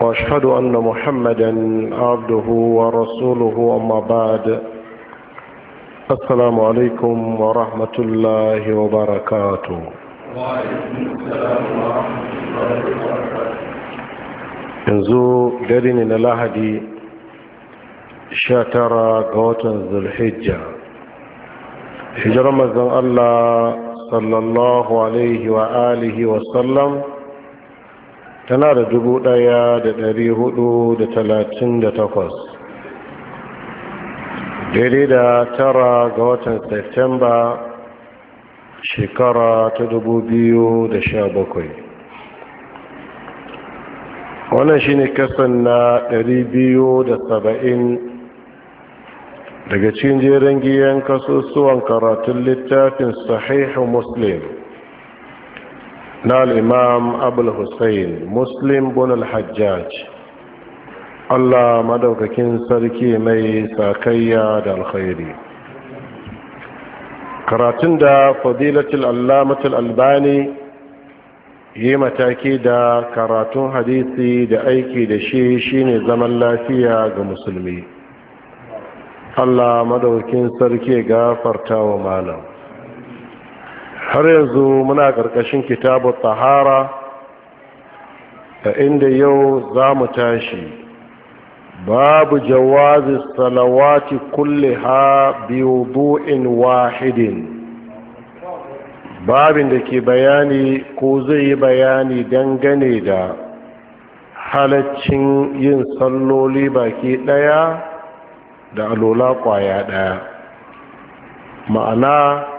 واشهد ان محمدا عبده ورسوله اما بعد السلام عليكم ورحمه الله وبركاته وعليكم السلام ورحمه الله وبركاته yanzu dare ne na lahadi 19 ga watan zulhijja hijirar mazan allah sallallahu alaihi wa alihi wasallam tana da dubu ɗaya da dari hudu da talatin da takwas daidai da tara ga watan septemba shekara ta dubu biyu da sha bakwai wannan shine kasan na dari biyu da saba'in daga cikin jerin giyan kasusuwan karatun littafin sahihu muslim na al'imam abulhussein muslim bunul hajjaj allah madaukakin sarki mai sakayya da alkhairi karatun da fadilatul allamatul albani yi mataki da karatun hadisi da aiki da shi shine zaman lafiya ga musulmi allah madaukakin sarki gafarta wa malam har yanzu muna ƙarƙashin kitabu tahara a inda yau za mu tashi babu jawazi salawati kulle ha biyu bu'in wahidin babin da ke bayani ko zai yi bayani dangane da halaccin yin salloli baki ɗaya da alola kwaya ɗaya ma'ana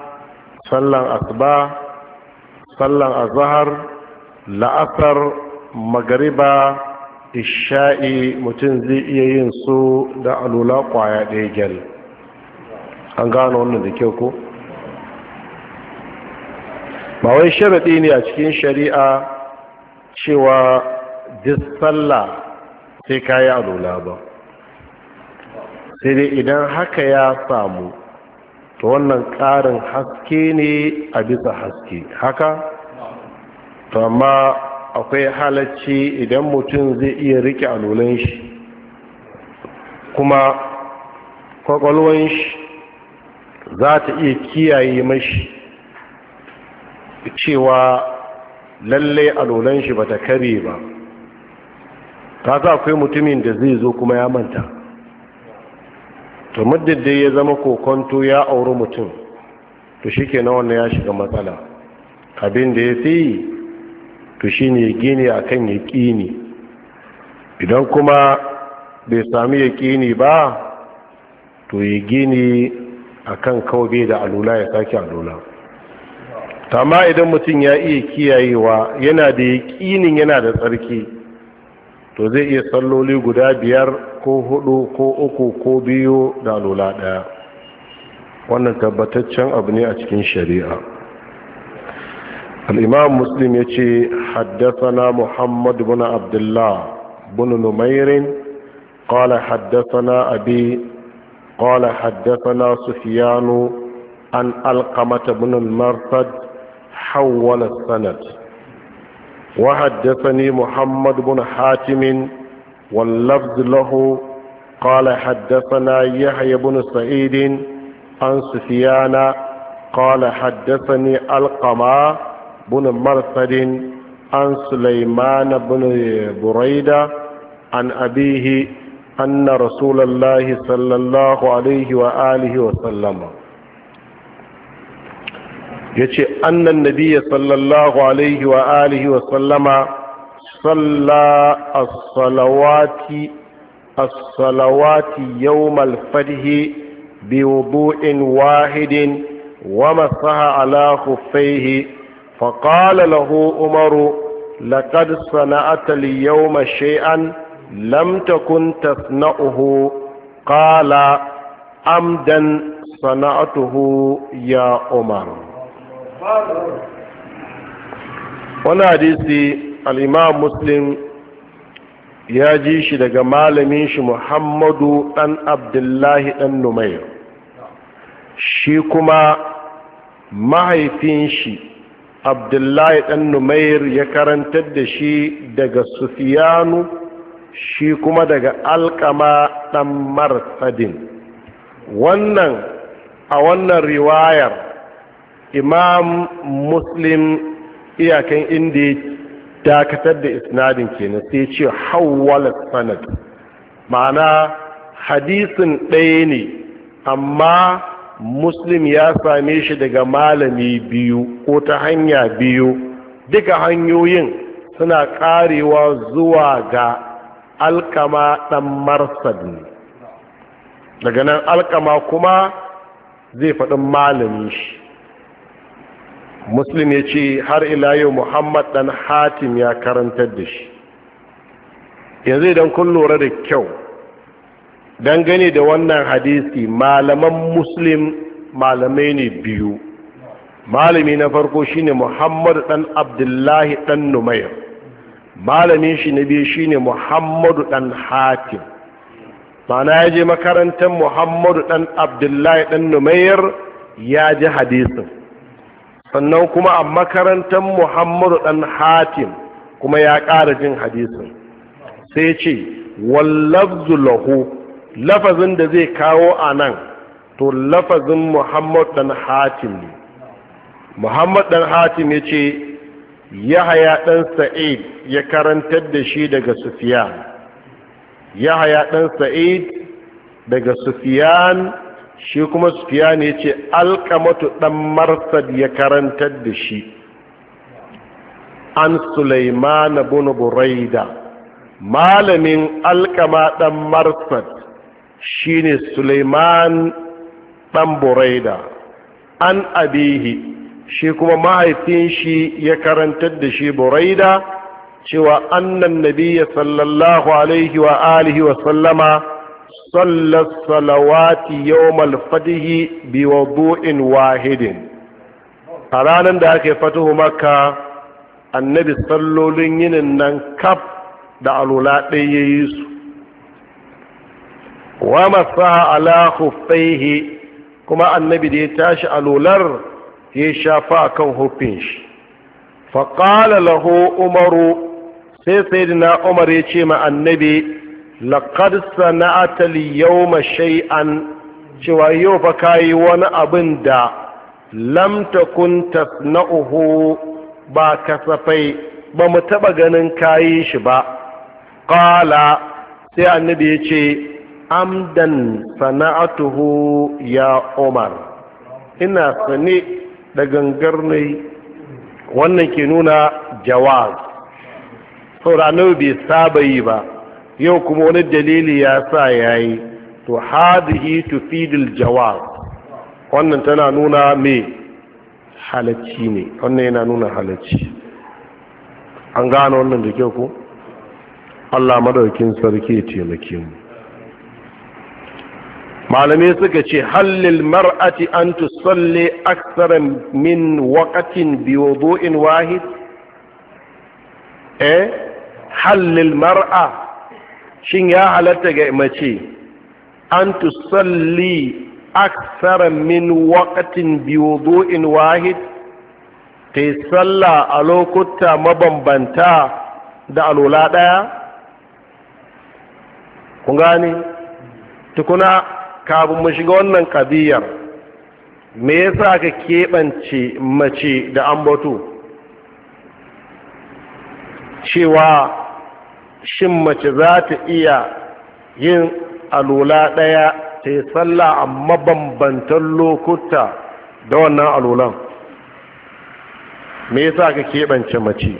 sallan asuba sallan azahar la'asar magariba isha'i mutum zai iya yin su da alula kwaya ɗaya gyal an gano wannan da kyau ko ba wai sharaɗi ne a cikin shari'a cewa duk sallah sai kayi alula ba sai dai idan haka ya samu to wannan ƙarin haske ne a bisa haske haka to amma akwai halacci idan mutum zai iya rike alolan shi kuma kwakwalwan shi za ta iya kiyaye mashi cewa lalle alolan shi ba ta kare ba ta akwai mutumin da zai zo kuma ya manta to muddin ya zama kokonto ya auri mutum to shi ke nawa ya shiga matsala abin da ya fi to shi ne gini a kan ya ƙini idan kuma bai sami ya ƙini ba to ya gini a kan kawai da alula ya sake alula tamma idan mutum ya iya kiyayewa yana da ya ƙinin yana da tsarki to zai iya salloli guda biyar ko hudu ko uku ko biyu da lola ɗaya wannan tabbataccen abu ne a cikin shari'a al'imam muslim ya ce haddasana muhammadu buna abdullah bin numairin kala haddasana abi kala haddasana sufiyanu an alkamata bin marsad hawwala sanad wa ni muhammadu buna hatimin واللفظ له قال حدثنا يحيى بن سعيد عن سفيان قال حدثني القما بن مرثد عن سليمان بن بريدة عن أبيه أن رسول الله صلى الله عليه وآله وسلم يتي أن النبي صلى الله عليه وآله وسلم صلى الصلوات الصلوات يوم الفجر بوضوء واحد ومسح على خفيه فقال له عمر لقد صنعت اليوم شيئا لم تكن تصنعه قال عمدا صنعته يا عمر wani حديثي al'imam muslim ya ji shi daga malamin shi muhammadu ɗan abdullahi ɗan numair shi kuma mahaifin shi abdullahi ɗan numair ya karantar da shi daga sufiyanu shi kuma daga alkama ɗan marsadin wannan a wannan riwayar imam muslim iyakan inda dakatar da isnadin kenan sai ce hawwala sanad ma'ana hadisin ɗaya ne amma muslim ya same shi daga malami biyu ko ta hanya biyu duka hanyoyin suna karewa zuwa ga alkama ɗan marsad ne daga nan alkama kuma zai faɗin malami shi muslim ya ce har ila yau muhammad dan hatim ya karantar da shi yanzu idan kun lura da kyau dangane da wannan hadisi malaman muslim malamai ne biyu malami na farko shine muhammadu dan abdullahi dan numayar malamin shi na biyu shine muhammadu dan hatim mana ya je makarantar muhammadu dan abdullahi dan numayar ya ji hadisin sannan kuma a makarantar muhammadu ɗan hatim kuma ya ƙara jin hadisin sai ce wallafzu lahu lafazin da zai kawo a nan to lafazin muhammadu ɗan hatim ne muhammadu ɗan hatim ya ce yahaya ɗan sa'id ya karantar da shi daga sufiyan yahaya ɗan sa'id daga sufiyan shi kuma sufiyani ya ce alkamatu ɗan marsad ya karantar da shi an sulaiman bin buraida malamin alkama ɗan marsad shine Suleiman ɗan buraida an abihi shi kuma mahaifin shi ya karantar da shi buraida cewa annan nabiya sallallahu alaihi wa alihi wa sallama صلى الصلوات يوم bu'in wahidin. A ranar da ake fatuhu maka annabi sallolin yinin nan kaf da alula ɗaya ya yi su wa masa ala Faihi kuma annabi da ya tashi alular ya shafa a kan hufin shi faƙala laho umaru sai sai umar ya ce ma annabi laqad sana'atar yau yawma shay'an cewa yau fa yi wani abin da lamta kuntas na uhu ba kasafai ba mu taɓa ganin kayi shi ba Ƙala sai annabi ce amdan sana'atuhu ya umar ina sane da gangar ne wannan ke nuna jawaz saurano bai saba yi ba yau kuma wani dalili ya sa ya yi to hadihi fidil jawab wannan tana nuna me halacci ne wannan yana nuna halacci an gane wannan da kyau ku. Allah madaukin sarki ya taimake mu Malami suka ce hallil mar'ati an tusalli aksara min waqatin bi wudu'in wahid eh hallil mar'a shin ya halatta ga mace an tusalli aksara min wakatin bi wahid ta yi tsalla a lokuta mabambanta da alola ɗaya? ku gani tukuna kafin mu shiga wannan ƙabiyar me yasa ka keɓance mace da an batu cewa shin mace za ta iya yin alula ɗaya ta yi tsalla a mabambantan lokuta da wannan alulan me yasa ka keɓance mace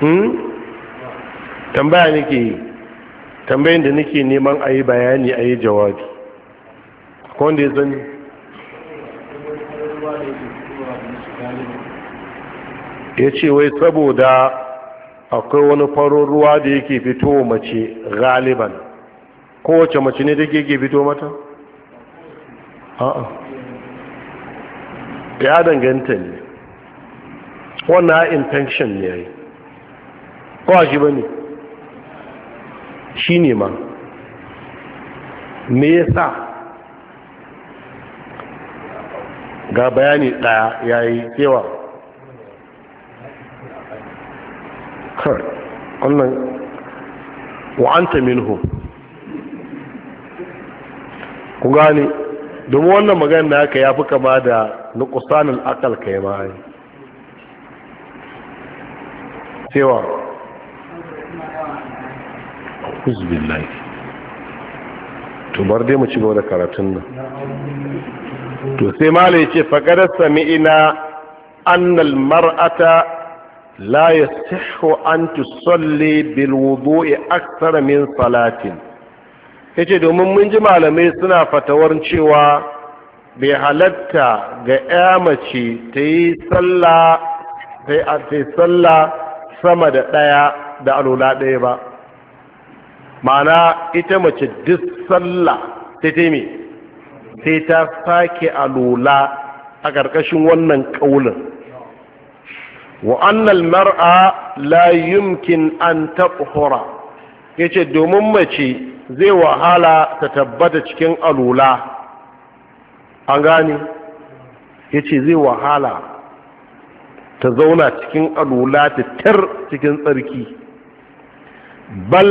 hmm? tambaya nake tambayin da nake neman a yi bayani a yi jawabi wanda ya sani ya ce wai saboda akwai wani farin ruwa da yake fito mace galiban kowace mace ne da ke fito mata? a'a ya danganta ne wannan intention ne ya yi kowa shi ba ne shi ne ma me ya sa ga bayani ɗaya ya yi kewa kawai wannan wa'anta minhu ku gani domin wannan magana da aka ya fi kama da nukusanin akal kai a ne cewa huzbillahi tubar dai mu ci gaba da karatun nan to sai mala ya ce faƙarar sami'ina annal mar'ata la يصح an تصلي بالوضوء wudu'i من min salatin yace domin mun ji malamai suna fatawar cewa bai halatta ga ya mace ta yi sallah sama da ɗaya da alula ɗaya ba ma'ana ita mace duk sallah ta taimi sai ta sake alula a ƙarƙashin wannan ƙaunin wa annal mar'a la yumkin an taɓhura ya ce domin mace zai wahala ta tabbata cikin alula an gane ya ce zai wahala ta zauna cikin alula ta tar cikin tsarki bal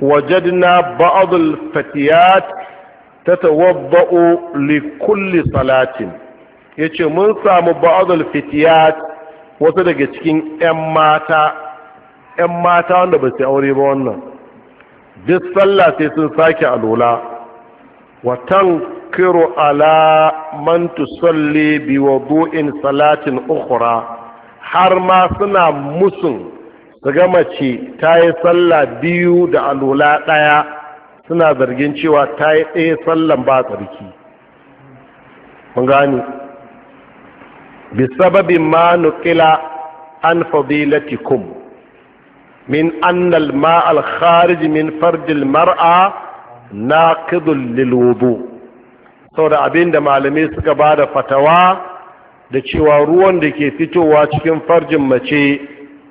wajadna ba'adul fatiyat ta tawabba'u li kulli salatin ya ce mun samu ba'adul fatiyat wasu daga cikin 'yan mata 'yan mata wanda ba su aure ba wannan duk sallah sai sun sake alola watan kiro ala man tusalli bi bu'in salatin ukura har ma suna musun su ga mace ta yi sallah biyu da alola ɗaya suna zargin cewa ta yi ɗaya sallan ba tsarki mun gani بسبب ما ma عن an من min الماء الخارج ma al المرأة min للوضوء al-mar'a naqidun lil wudu saboda malamai suka da fatawa da cewa ruwan da ke fitowa cikin farjin mace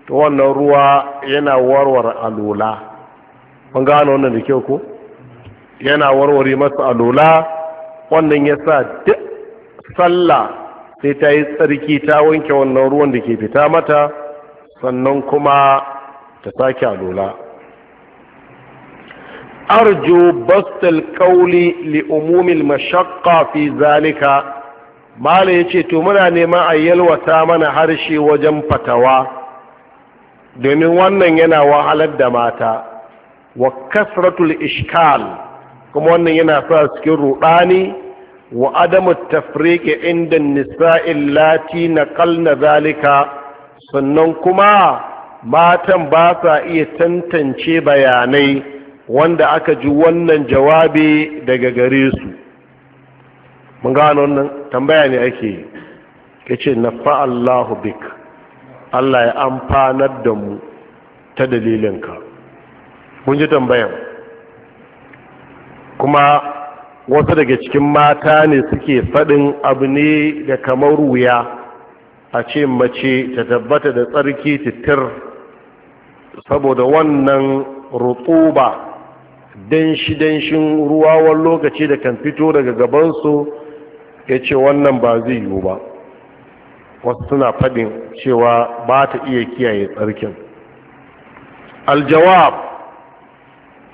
to wannan ruwa yana warware alula Ban gano wannan da kyau ko yana warware masa alula wannan ya sa duk sallah sai ta yi tsarki ta wanke wannan ruwan da ke fita mata sannan kuma ta sake alola arjo bastal kauli li umumil mashakka fi zalika mala yace to muna neman a yalwata mana harshe wajen fatawa domin wannan yana wahalar da mata wa kasratul ishkal kuma wannan yana sa cikin ruɗani wa adamu tafriqi inda nisa'il lati naqalna zalika sannan kuma matan ba sa iya tantance bayanai wanda aka ji wannan jawabi daga gare su mun gano wannan tambaya ne ake yace nafa Allahu bik Allah ya amfanar da mu ta dalilinka Mun ji tambayan kuma wasu daga cikin mata ne suke faɗin abu ne da kamar wuya a ce mace ta tabbata da tsarki titir saboda wannan rutuba danshi-danshin ruwawan lokaci da kan fito daga gabansu ya ce wannan ba zai yiwu ba wasu suna faɗin cewa ba ta iya kiyaye tsarkin aljawab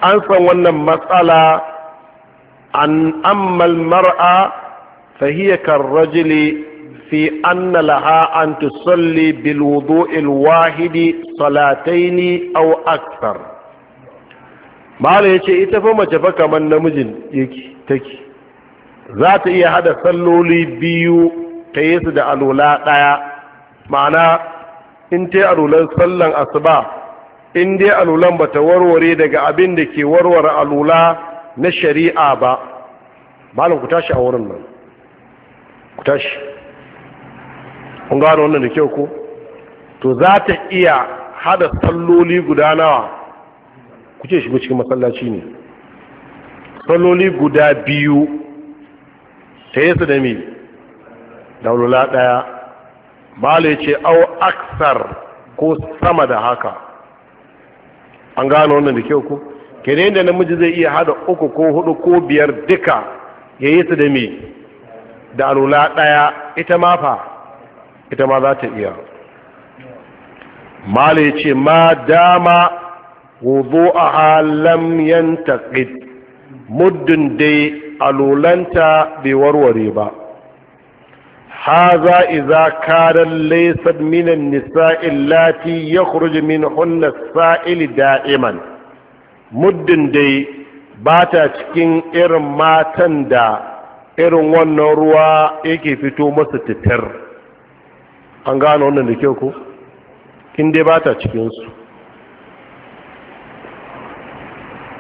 an san wannan matsala an ammal mar'a fahiya karrajili fi anna laha an tusalli bil wudu'il wahidi salataini aw akthar mala yace ita fa mace fa kaman namijin yake take za ta iya hada salloli biyu ta yi su da alula daya ma'ana in ta yi alulan sallan asuba in dai alulan bata warware daga abin da ke warware alula na shari'a ba malam ku tashi a wurin nan ku tashi kun gano wannan da kyau ko to za ta iya hada salloli guda nawa ku ce shigo cikin masallaci ne salloli guda biyu ta yi su da mi daulula ɗaya malam ya ce au aksar ko sama da haka an gano wannan da kyau ko kenan da namiji zai iya hada uku ko hudu ko biyar duka ya yi su da me da alula daya ita ma fa ita ma za ta iya mala ce ma dama wuzo a halam yan taƙid muddin dai alulanta bai warware ba haza iza karan laisar minan nisa'in lati ya kurji min hunna sa'ili da'iman muddin dai ba ta cikin irin matan da irin wannan ruwa yake fito masa titar an gano wannan da kyau ko kin dai ba ta cikinsu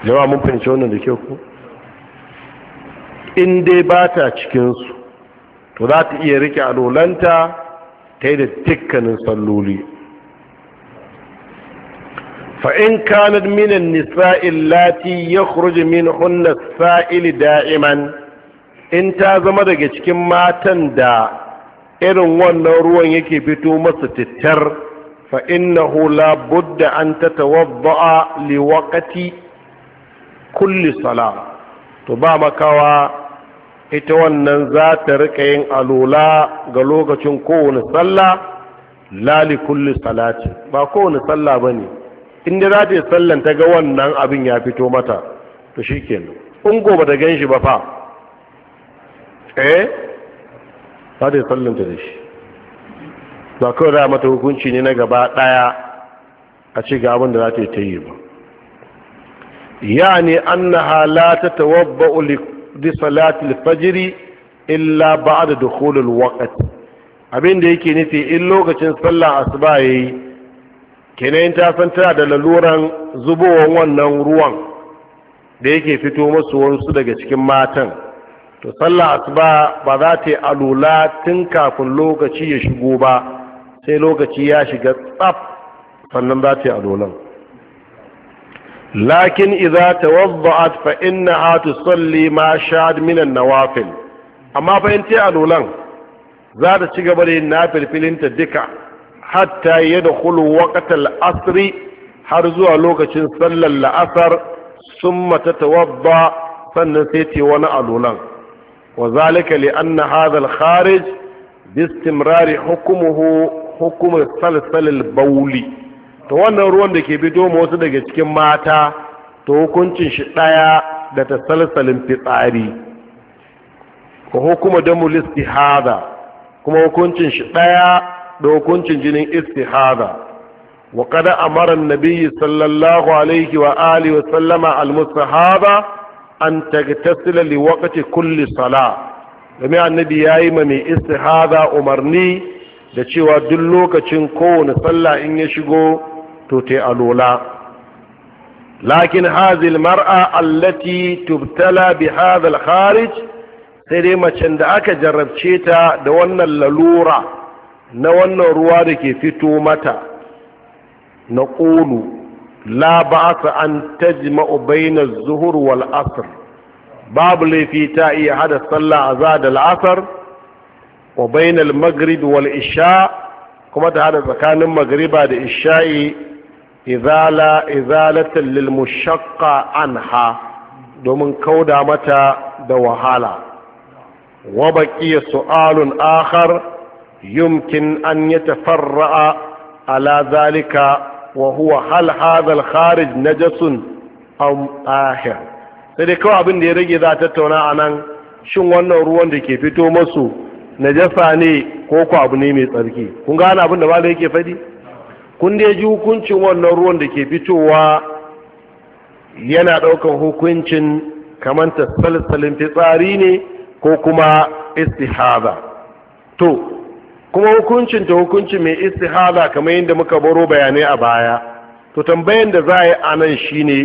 jama mun fahimci wannan da kyau ko in dai ba ta cikinsu to za ta iya rike alolanta ta yi da dukkanin salloli فإن كانت من النساء اللاتي يخرج منهن السائل دائما in ta zama daga cikin matan da irin wannan ruwan yake fito masa tittar fa innahu la budda an tatawadda'a li waqti kulli salah to ba makawa ita wannan za ta rika yin alula ga lokacin kowane salla, la li kulli salati ba kowane sallah bane inda za ta yi sallan ta ga wannan abin ya fito mata to shi ke in gobe da gan shi ba fa eh za ta yi sallan ta da shi ba kawai za mata hukunci ne na gaba daya a ci ga abin da za ta yi ta yi ba Ya yani annaha la wabba uli salati salatul fajiri illa ba da al-waqt abin da yake nufi in lokacin sallan asuba yi. kenan ta san tana da laluran zubowar wannan ruwan da yake fito masu wasu daga cikin matan to sallah asuba ba za ta yi alula tun kafin lokaci ya shigo ba sai lokaci ya shiga tsaf sannan za ta yi alulan lakin idza tawadda'at fa innaha tusalli ma sha'at min an-nawafil amma fa in ta alulan za ta ci gaba da yin nafilfilinta duka hatta ya da hulu waƙatar asiri har zuwa lokacin sallar la'asar sun mata tawabba sannan sai ce wani al'unan wa zalika li anna hadha kharij bi istimrari hukmuhu hukm salsal al to wannan ruwan da ke fito mu wasu daga cikin mata to hukuncin shi daya da ta salsalin fitsari ko hukuma damul hada kuma hukuncin shi daya da hukuncin jinin istihada wa kada amaran nabiyyi sallallahu alaihi wa alihi wa sallama almustahaba an tagtasila li waqti kulli sala domin annabi yayi ma mai istihada umarni da cewa duk lokacin kowane sallah in ya shigo to tai alola lakin hazil mar'a allati tubtala bi hadha al-kharij sai dai macen da aka jarrabce ta da wannan lalura na wannan ruwa da ke fito mata na ƙulu la ba sa an tajma'u baina zuhur wal asr babu laifi ta iya hada sallah azza da la'asar, wa baina wal isha kuma ta hada tsakanin magriba da isha'i izala izalatan lil mushaqqa anha domin kauda mata da wahala wa baqiya su'alun akhar يمكن أن يتفرع على ذلك وهو هل هذا الخارج نجس أم آخر sai kawai abin da ya rage za a tattauna a nan shin wannan ruwan da ke fito masu jasa ne ko ku abu ne mai tsarki kun gane abin da bala yake faɗi kun da ji hukuncin wannan ruwan da ke fitowa yana ɗaukar hukuncin kamar salsalin fitsari ne ko kuma istihaza to kuma hukuncin ta hukunci mai istihala kamar yadda muka baro bayanai a baya to tambayan da za a yi a nan ne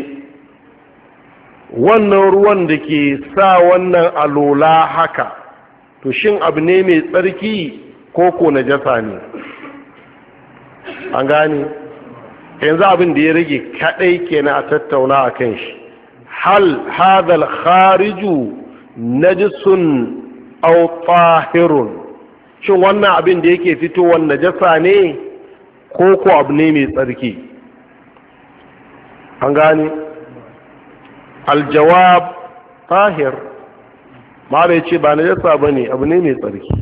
wannan ruwan da ke sa wannan alola haka to shin abu ne mai tsarki ko ko na jasa ne an gane yanzu abin da ya rage kadai kenan a tattauna a kan shi hal hadal khariju najisun au tahirun shin wannan abin da yake fitowar jasa ne ko ko abu ne mai tsarki an gane aljawab tahir ma bai ce ba najasa ba ne abu ne mai tsarki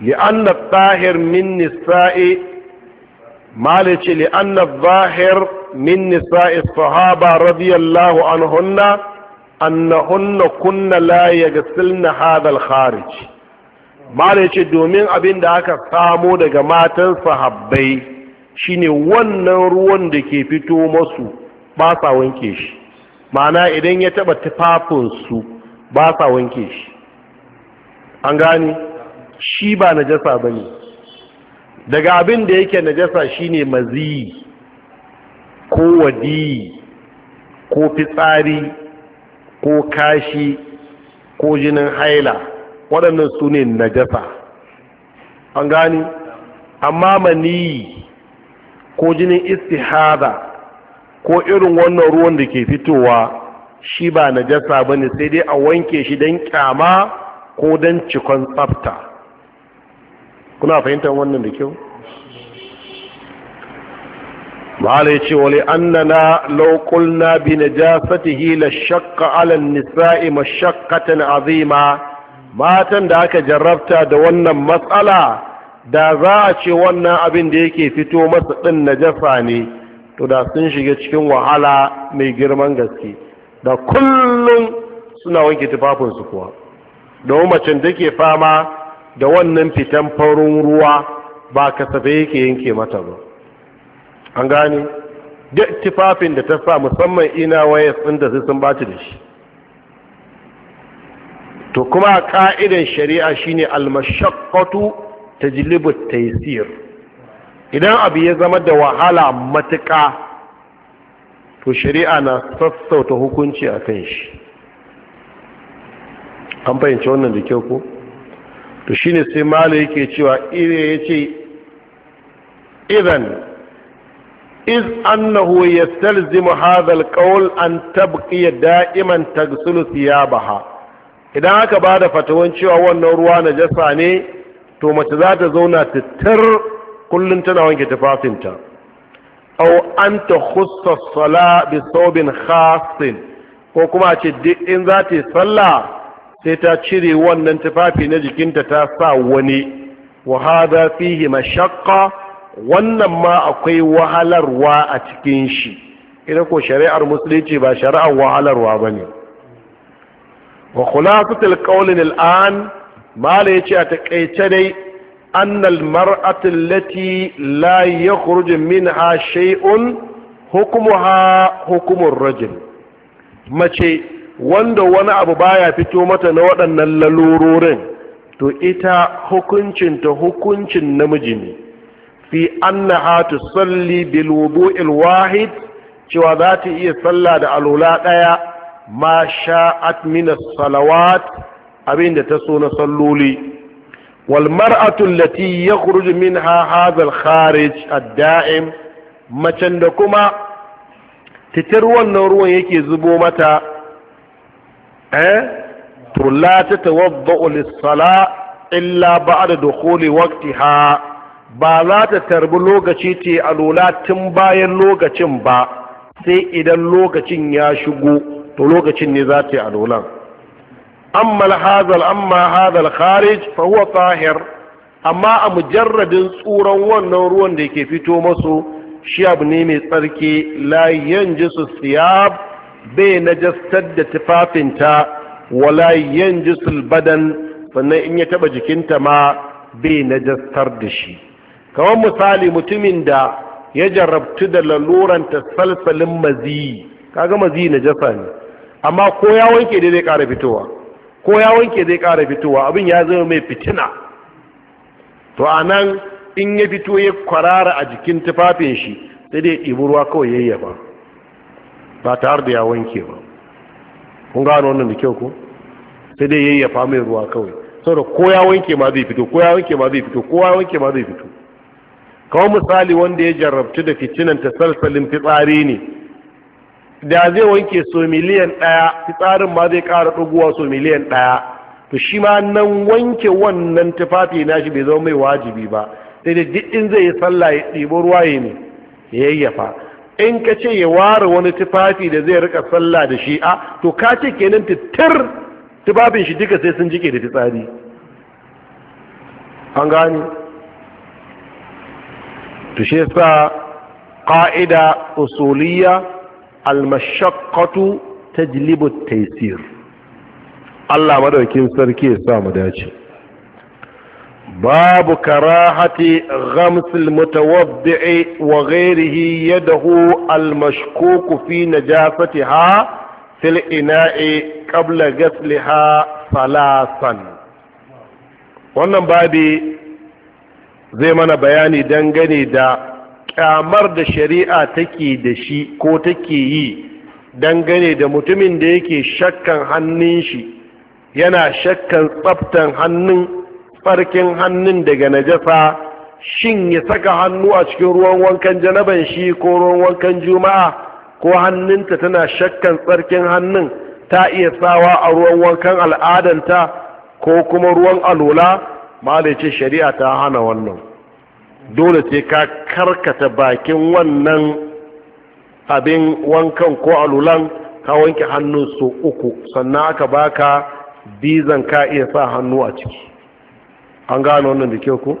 li'annab tahir min nisa'i ma bai ce li'annab zahir min nisa'i sahaba radiyallahu an hunna annahunna kunna la yagsilna hadal kharij mala ce domin abin da aka samo daga matan sahabbai shine wannan ruwan da ke fito masu ba sa wanke shi ma'ana idan ya taba tufafinsu ba sa wanke shi an gane shi ba najasa ba ne daga abin da yake najasa shine maziyi ko wadiyi ko fitsari ko kashi ko jinin haila waɗannan su ne najasa an gani amma maniyi ko jinin istihada ko irin wannan ruwan da ke fitowa shi ba najasa ba ne sai dai a wanke shi don kyama ko don cikon tsafta kuna fahimtar wannan da kyau ya ce wale annana na bi ta hila shakka ala nisa'i mashakkatan azima matan da aka jarrabta da wannan matsala da za a ce wannan abin da yake fito masa ɗin na jasa ne to da sun shiga cikin wahala mai girman gaske da kullum suna wanke tufafinsu kuwa da macen da ke fama da wannan fitan farin ruwa ba kasafai yake yanke mata ba an gane duk tufafin da ta sa musamman ina waya sun da sun bata da shi to kuma ka'idan shari'a shine al-mashaqqatu al-mashaqqatu tajlibu taysir idan abu ya zama da wahala matuƙa to shari'a na sassauta hukunci a kan shi an fahimci wannan da kyau ko to shine sai malai yake cewa ire yace idan iz annahu yastalzimu hadha al-qawl an tabqiya da'iman taghsilu thiyabaha idan aka ba da fatawan cewa wannan ruwa na jasa ne to mace za ta zauna tattar kullum tana wanke tufafinta au an ta hussa sala bi saubin khasin ko kuma ce duk in za ta yi sallah sai ta cire wannan tufafi na jikinta ta sa wani wa fihi mashaqqa wannan ma akwai wahalarwa a cikin shi ina ko shari'ar musulunci ba shari'ar wahalarwa bane wa khulasatul qawlin al'an mala yace a takaice dai annal mar'atu allati la yakhruju minha shay'un hukmuha hukmur rajul mace wanda wani abu baya fito mata na waɗannan lalurorin to ita hukuncin ta hukuncin namiji ne fi annaha tusalli bil wudu'il wahid cewa za ta iya sallah da alula ɗaya ma sha'at min salawat abinda ta so na salloli wal mar'atu allati yakhruju minha hadha al kharij ad da'im macen da kuma titir wannan ruwan yake zubo mata eh to la tatawaddau lis sala illa ba'da dukhuli waqtiha ba za ta tarbi lokaci ce alula tun bayan lokacin ba sai idan lokacin ya shigo to lokacin ne za ta yi alolan amma hazal amma hazal kharij fa huwa tahir amma a mujarradin tsuran wannan ruwan da yake fito masu shi abu ne mai tsarki la yanjisu siyab bai najastar da tufafinta wala yanjisu badan sannan in ya taba jikinta ma bai najastar da shi kamar misali mutumin da ya jarabtu da laluran salsalin maziyi kaga maziyi na jasa ne amma ko ya wanke dai zai ƙara fitowa ko ya wanke zai ƙara fitowa abin ya zama mai fitina to a nan in ya fito ya kwarara a jikin tufafin shi sai dai ɗibi ruwa kawai yayyafa ba tare da ya wanke ba kun gano wannan da kyau ko sai dai yayyafa mai ruwa kawai saboda ko ya wanke ma zai fito ko ya wanke ma zai fito ko ya wanke ma zai fito kawo misali wanda ya jarrabtu da fitinan ta salsalin fitsari ne da zai wanke so miliyan ɗaya fitsarin ma zai ƙara ɗuguwa so miliyan ɗaya to shi ma nan wanke wannan tufafi na shi bai zama mai wajibi ba sai da duk zai yi sallah ya ɗibo ruwa ya ne ya yayyafa in ka ce ya ware wani tufafi da zai rika sallah da shi a to ka ce kenan tattar tufafin shi duka sai sun jike da fitsari an gane to shi yasa ƙa'ida usuliyya almashaqqatu tajlibu taisir? Allah madaukin sarki ya sa mu dace babu karahati ghamsil mutawaddi'i wa ghayrihi yadahu almashkuku fi najasatiha fil ina'i qabla ghasliha salasan wannan babi zai mana bayani dangane da kyamar da shari'a take da shi ko take yi dangane da mutumin da yake shakkan hannun shi yana shakkan tsaftan hannun tsarkin hannun daga najasa shin ya saka hannu a cikin ruwan wankan janaban shi ko ruwan wankan juma'a ko hannunta tana shakkan tsarkin hannun ta iya sawa a ruwan wankan al'adanta ko kuma ruwan alula malai ce shari'a ta hana wannan dole sai ka karkata bakin wannan abin wankan ko alulan ka wanke hannu su uku sannan aka baka bizan ka iya sa hannu a ciki an gano wannan da kyau ko?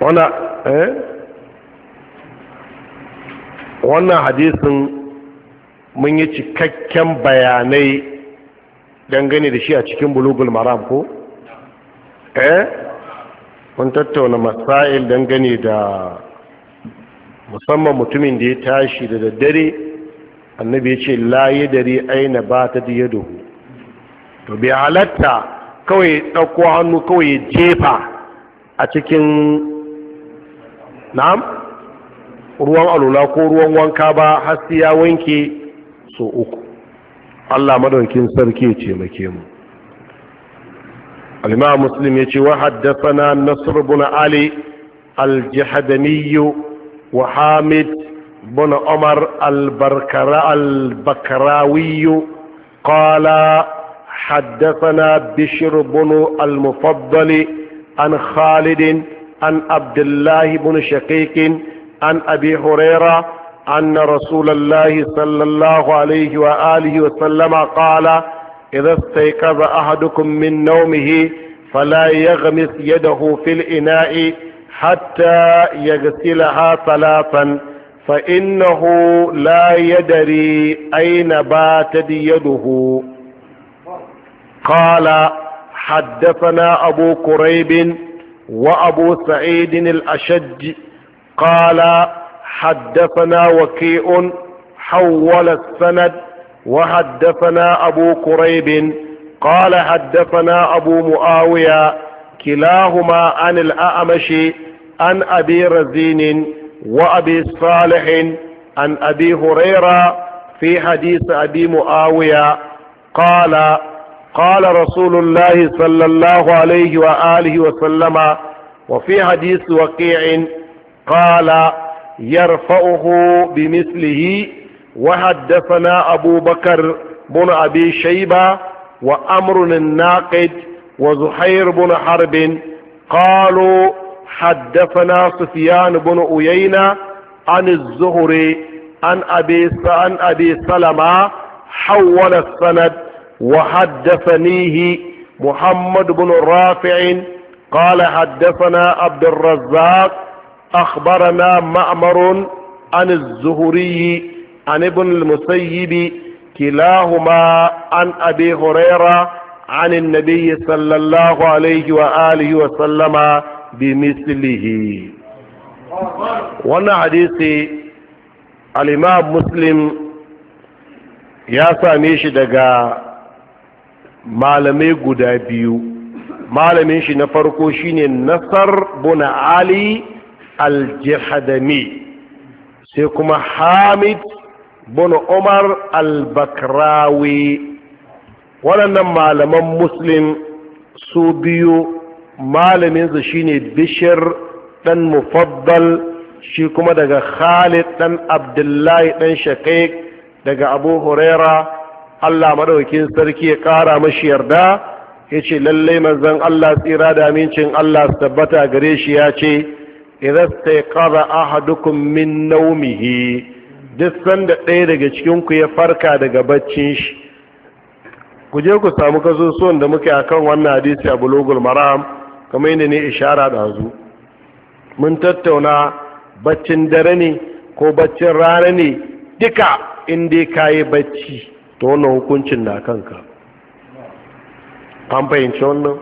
wana eh wannan hadisin mun yi cikakken bayanai dangane da shi a cikin bulugul maram ko? eh kun tattauna masail dangane da musamman mutumin da ya tashi da daddare annabi ya ce laye dare aina ba ta da yado to bai halatta kawai ɗauko hannu kawai jefa a cikin na'am ruwan alula ko ruwan wanka ba har ya wanke so uku Allah madaukin sarki ya ce mu الإمام مسلم يجي وحدثنا نصر بن علي الجحدمي وحامد بن عمر البركرا البكراوي قال حدثنا بشر بن المفضل عن خالد عن عبد الله بن شقيق عن أبي هريرة أن رسول الله صلى الله عليه وآله وسلم قال إذا استيقظ أحدكم من نومه فلا يغمس يده في الإناء حتى يغسلها ثلاثا فإنه لا يدري أين باتت يده قال حدثنا أبو كريب وأبو سعيد الأشج قال حدثنا وكيء حول السند وحدثنا أبو كريب قال حدثنا أبو معاوية كلاهما عن الأعمش عن أبي رزين وأبي صالح عن أبي هريرة في حديث أبي معاوية قال قال رسول الله صلى الله عليه وآله وسلم وفي حديث وقيع قال يرفعه بمثله وحدثنا أبو بكر بن أبي شيبة وأمر الناقد وزحير بن حرب قالوا حدثنا سفيان بن أيينة عن الزهري عن أبي عن أبي سلمة حول السند وحدثنيه محمد بن رافع قال حدثنا عبد الرزاق أخبرنا معمر عن الزهري عن ابن المسيب كلاهما عن أبي هريرة عن النبي صلى الله عليه وآله وسلم بمثله وانا حديث الإمام مسلم يا ساميش دقا malamai guda biyu malamin shi na farko shine nasar buna ali aljihadami sai kuma hamid bin umar al-bakrawi waɗannan malaman muslim su biyu malaminsu shine bishir ɗan mufaddal shi kuma daga khalid ɗan abdullahi ɗan shaqiq daga abu huraira allah maɗaukin sarki ya ƙara mashi yarda ya ce lallai manzan allah tsira da amincin allah tabbata gare shi ya ce idan sai ƙara ahadukun min naumihi duk sanda ɗaya daga cikinku ya farka daga baccin shi ku je ku samu kasusuwan da muke a kan wannan hadisi a bulogul maram kamar yadda ne ishara ɗazu mun tattauna baccin dare ne ko baccin rana ne duka inda ka yi bacci ta wannan hukuncin na kanka an fahimci wannan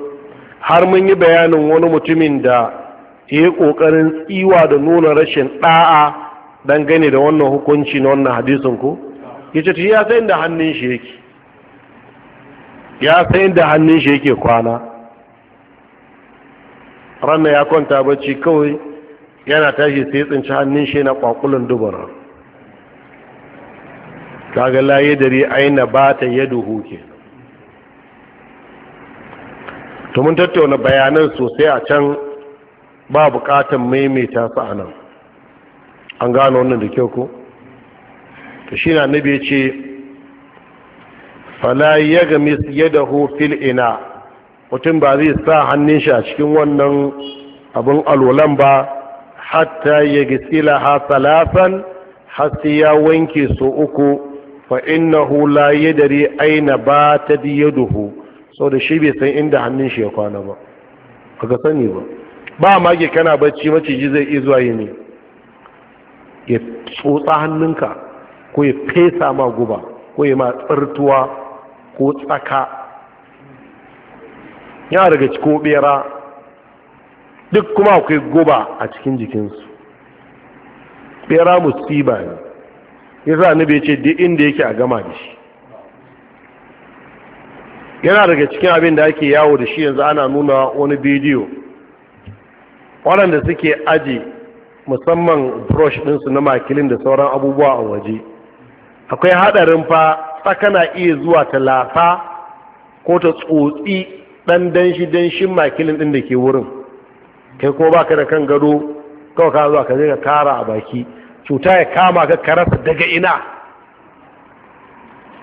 har mun yi bayanin wani mutumin da ya yi ƙoƙarin tsiwa da nuna rashin ɗa'a Dan dangane da wannan hukunci na wannan hadisin ko yace ce ya san da hannun shi yake ya san da hannun shi yake kwana ranar ya kwanta bacci kawai yana tashi sai tsinci hannun shi na kwakulun dubara kaga laye dare aina ba ta yadu huke to mun tattauna bayanan sosai a can ba bukatan maimaita su a an gano wannan da kyau ko to shi na nabi ya ce fala ya gamis yadahu fil ina mutum ba zai sa hannun shi a cikin wannan abin alwalan ba hatta ya gisila ha salafan hasi ya wanke so uku fa innahu la yadri aina ba ta yaduhu sau da shi bai san inda hannun shi ya kwana ba ka sani ba ba ma kana bacci maciji zai iya zuwa yi ya tsotsa hannunka ko ya fesa ma guba ko ya ma tsartuwa ko tsaka yana daga ciko bera duk kuma akwai guba a cikin jikinsu bera musiba ne Ya za ni bai ce duk inda yake a gama da shi yana daga cikin abin da ake yawo da shi yanzu ana nuna wani bidiyo waɗanda suke aji musamman brush ɗinsu na makilin da sauran abubuwa a waje akwai haɗarin fa tsaka iya zuwa ta lafa ko ta tsotsi ɗan danshi danshin makilin ɗin da ke wurin kai kuma ka da kan gado kawai ka zuwa ka zai ka kara a baki cuta ya kama ka karasa daga ina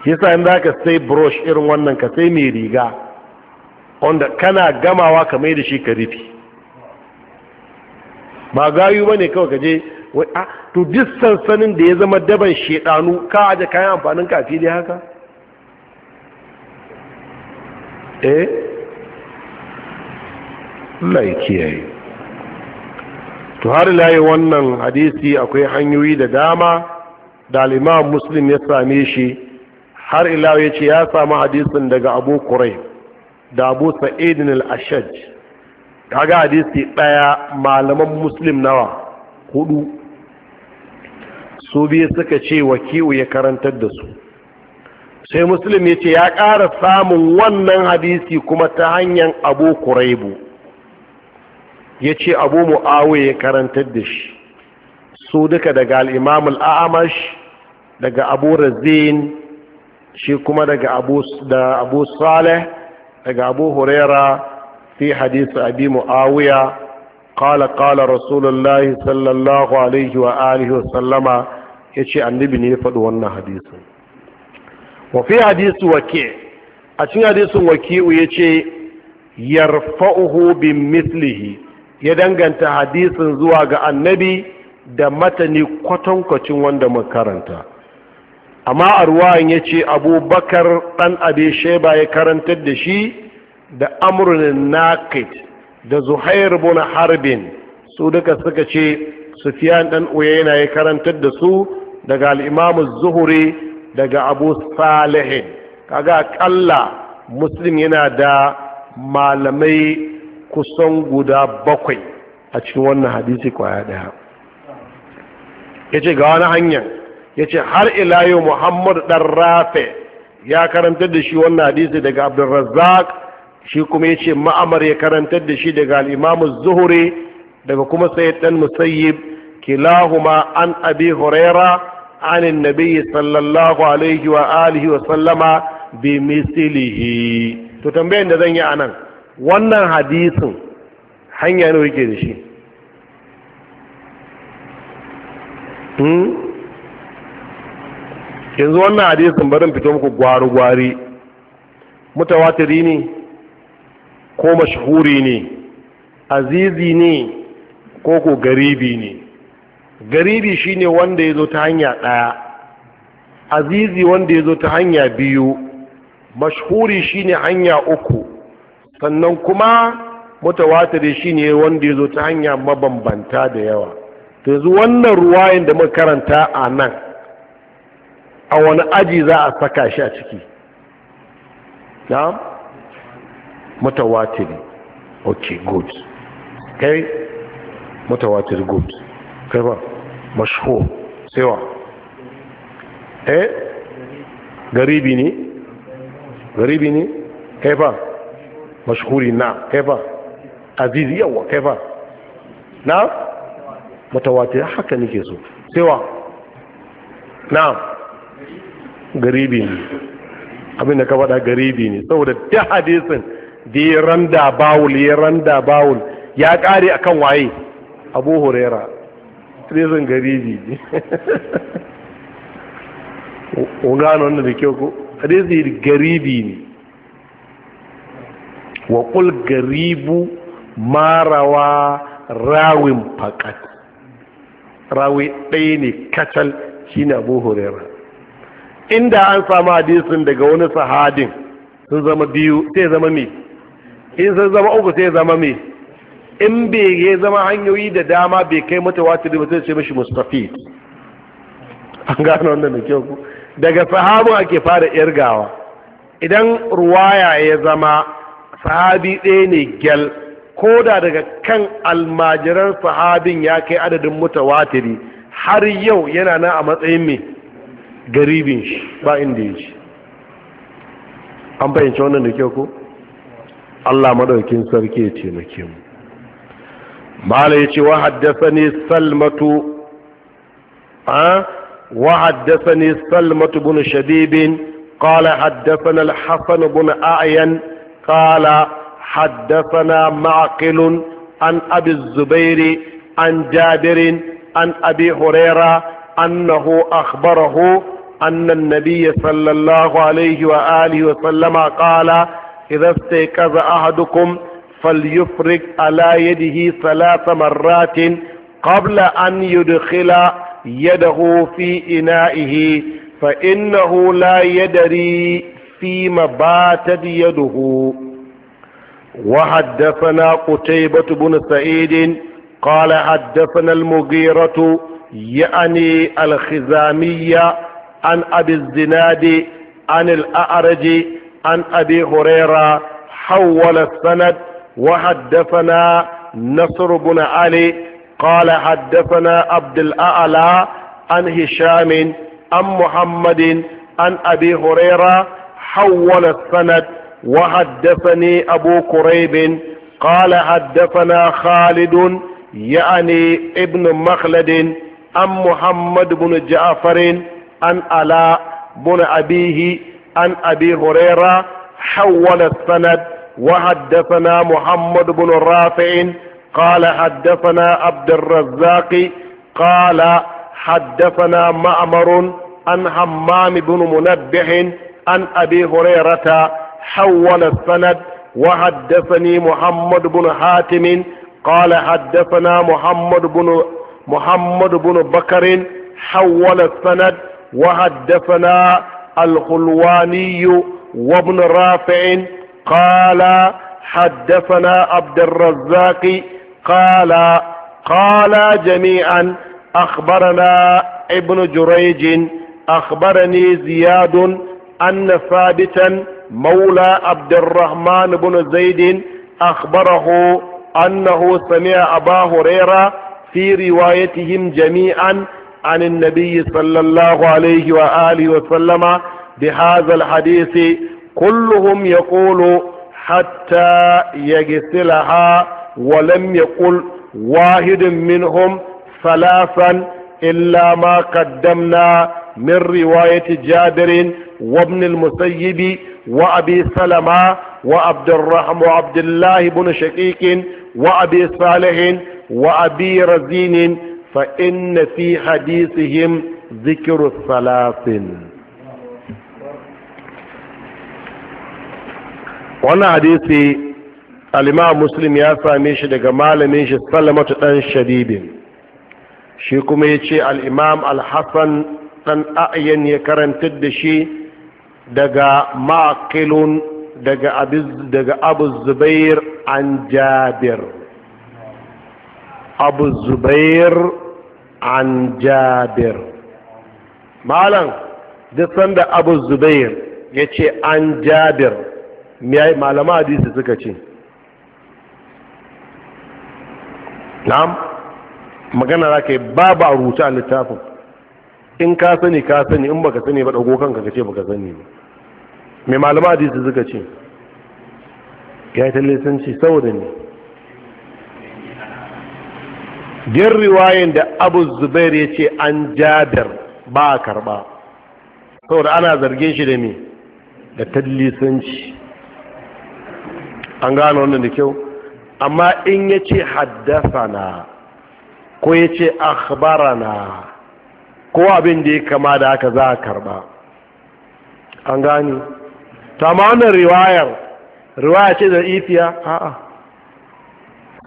yasa in za ka sai brush irin wannan ka sai mai riga wanda kana gamawa ka mai da shi ka rufe ba gayu ba ne kawai kaje wai a ah, to duk sansanin da ya zama daban shedanu ka aje kayan amfanin ka fili haka eh Allah ya kiyaye to har layi wannan hadisi akwai hanyoyi da dama da al Muslim ya same shi har ila ya ce ya samu hadisin daga Abu Quraib da Abu Sa'id al-Ashaj kaga hadisi ɗaya malaman muslim nawa hudu su biyu suka ce wakiu ya karantar da su sai muslim ya ce ya kara samun wannan hadisi kuma ta hanyar abu kuraibu ya ce abu mu'awe ya karantar da shi su duka daga al'imam al'amash daga abu razin shi kuma daga abu saleh daga abu huraira في حديث أبي معاوية قال قال رسول الله صلى الله عليه وآله وسلم يشي أن نبني فدونا حديث وفي حديث وكي أشي حديث وكي ويشي يرفعه بمثله mislihi ya danganta hadisin zuwa da matani kwatankwacin wanda makaranta amma arwayan ya ce abubakar dan abi sheba ya karantar da shi da Amrunin naqid da zuhair bin harbin su duka suka ce sufyan dan uyayna ya karantar da su daga al-imam zuhri daga abu salih kaga kalla muslim yana da malamai kusan guda bakwai a cikin wannan hadisi kwaya daya yace ga wani hanyar yace har ila yau muhammad dan rafi ya karantar da shi wannan hadisi daga abdurrazzaq shi kuma ya ce ma'amar ya karantar da shi daga al'imamu zuhuri daga kuma sai ɗan musayyib kilahuma an abi huraira an biyu sallallahu alaihi wa alihi wa sallama bi mislihi to tambayar da zan yi anan wannan hadisin hanya ne yake da shi hmm? yanzu wannan hadisin barin fito muku gwari-gwari mutawatiri ne ko mashhuri ne azizi ne ko ko garibi ne garibi shine wanda ya zo ta hanya ɗaya azizi wanda ya zo ta hanya biyu mashhuri shine hanya uku sannan kuma mutawatiri shine wanda ya zo ta hanya mabambanta da yawa to yanzu wannan ruwayin da muka karanta a nan a wani aji za a saka shi a ciki na'am mutawatir okay good kai mutawatir good kai ba mashhur sai eh garibi ne garibi ne kai ba mashhuri na kai ba aziz yawa kai ba na mutawatir haka nake so sai wa na garibi ne abinda ka faɗa garibi ne saboda ta hadisin da ya randa bawul ya randa bawul ya kare akan waye abu huraira trezon garibi ungano wanda da kyau ko trezon garibi ne wa kul garibu marawa rawin fakat rawi ɗaya ne kacal shine abu huraira inda an samu hadisin daga wani sahadin sun zama biyu sai zama mai in sun zama uku sai zama me in bai zama hanyoyi da dama bai kai mutawatiri ba sai ce mishi Mustafi. an gano wannan da kyau ku daga sahabu ake fara irgawa idan ruwaya ya zama sahabi ɗaya ne gyal ko da daga kan almajiran sahabin ya kai adadin mutawatiri har yau yana nan a matsayin mai garibin shi ba inda ya shi. an bayyance wannan da kyau ko Allah madaukin sarki ya taimake mu mala yace wa haddathani salmatu a wa haddathani salmatu bin shabib qala haddathana al-hasan bin a'yan qala haddathana ma'qil an abi az-zubair an jabir an abi hurairah annahu akhbarahu أن النبي صلى الله عليه وآله وسلم قال إذا استيقظ أحدكم فليفرق على يده ثلاث مرات قبل أن يدخل يده في إنائه فإنه لا يدري فيما باتت يده وحدثنا قتيبة بن سعيد قال حدثنا المغيرة يعني الخزامية عن أبي الزناد عن الأعرج عن أبي هريرة حول السند وحدثنا نصر بن علي قال حدثنا عبد الأعلى عن هشام عن محمد عن أبي هريرة حول السند وحدثني أبو كريب قال حدثنا خالد يعني ابن مخلد عن محمد بن جعفر عن علاء بن أبيه عن أبي هريرة حول السند وحدثنا محمد بن رافع قال حدثنا عبد الرزاق قال حدثنا معمر عن حمام بن منبه عن أبي هريرة حول السند وحدثني محمد بن حاتم قال حدثنا محمد بن محمد بن بكر حول السند وحدثنا الخلواني وابن رافع قال حدثنا عبد الرزاق قال قال جميعا أخبرنا ابن جريج أخبرني زياد أن ثابتا مولى عبد الرحمن بن زيد أخبره أنه سمع أبا هريرة في روايتهم جميعا عن النبي صلى الله عليه وآله وسلم بهذا الحديث كلهم يقول حتى يغسلها ولم يقل واحد منهم ثلاثا إلا ما قدمنا من رواية جابر وابن المسيب وأبي سلمة وعبد الرحم وعبد الله بن شقيق وأبي صالح وأبي رزين fa inna fi hadisihim zikiru salasin wannan hadisi alima muslim ya same shi daga malamin shi salamatu dan shadidin shi kuma ya ce al'imam alhasan dan ɗan ya karantar da shi daga makilun daga abu zubair an jabir abu zubair an jabir malam duk sanda abu zubair ya ce an jabir malama hadisi suka ce na'am magana za ka yi babu a rubuce a littafin in ka sani ka sani in baka sani ba ɗago kanka ka ce baka sani ba mai malama hadisi suka ce ya yi tallisanci saboda ne din riwayen da abu zubair ya ce an jabir ba a karba saboda ana zargin shi da me da tallisanci an gano wannan da kyau amma in ya ce haddasana ko ya ce akhbarana ko abin da ya kama da haka za a karba an gani ta ma wannan riwayar riwaya ce da ifiya a'a